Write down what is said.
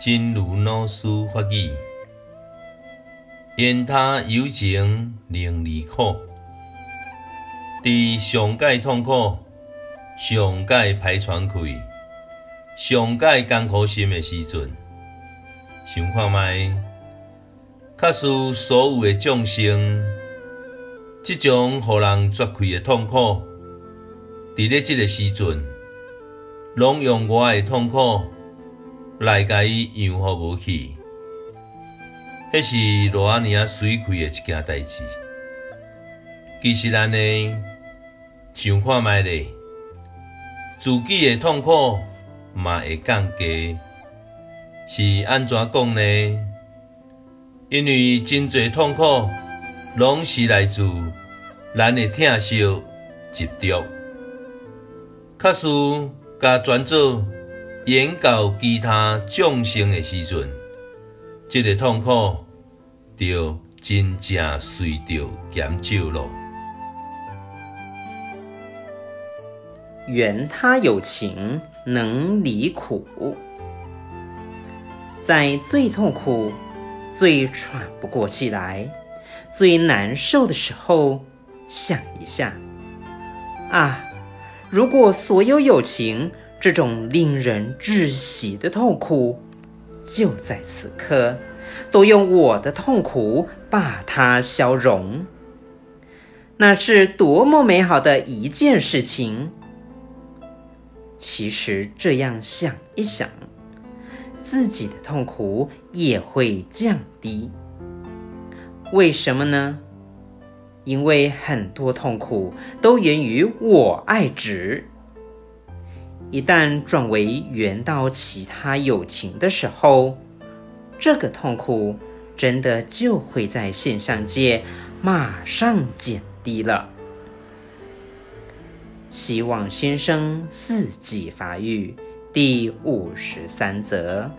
真如老師法語，緣他有情能離苦。佇上界痛苦，上界歹喘氣，上界艱苦心誒時陣，想看賣，假使所有誒眾生，即種互人絕開誒痛苦，佇咧即個時陣，攏用我誒痛苦。來甲伊養好無去，迄是偌爾啊水虧誒一件代志。其實咱咧想看覓咧，自己誒痛苦嘛會降低，是安怎講呢？因為真儕痛苦攏是來自咱誒疼惜執着，較輸甲專注。緣到其他眾生的時陣，這個痛苦就真正隨着減少了。緣他有情能離苦，在最痛苦、最喘不過氣來、最難受的時候，想一下啊，如果所有有情。這種令人窒息的痛苦，就在此刻，都用我的痛苦把它消融，那是多麼美好的一件事情！其實這樣想一想，自己的痛苦也會降低。為什麼呢？因為很多痛苦都源於我愛執。一旦轉為緣到其他有情的時候，這個痛苦真的就會在現象界馬上減低了。希望新生四季法語，第五十三則。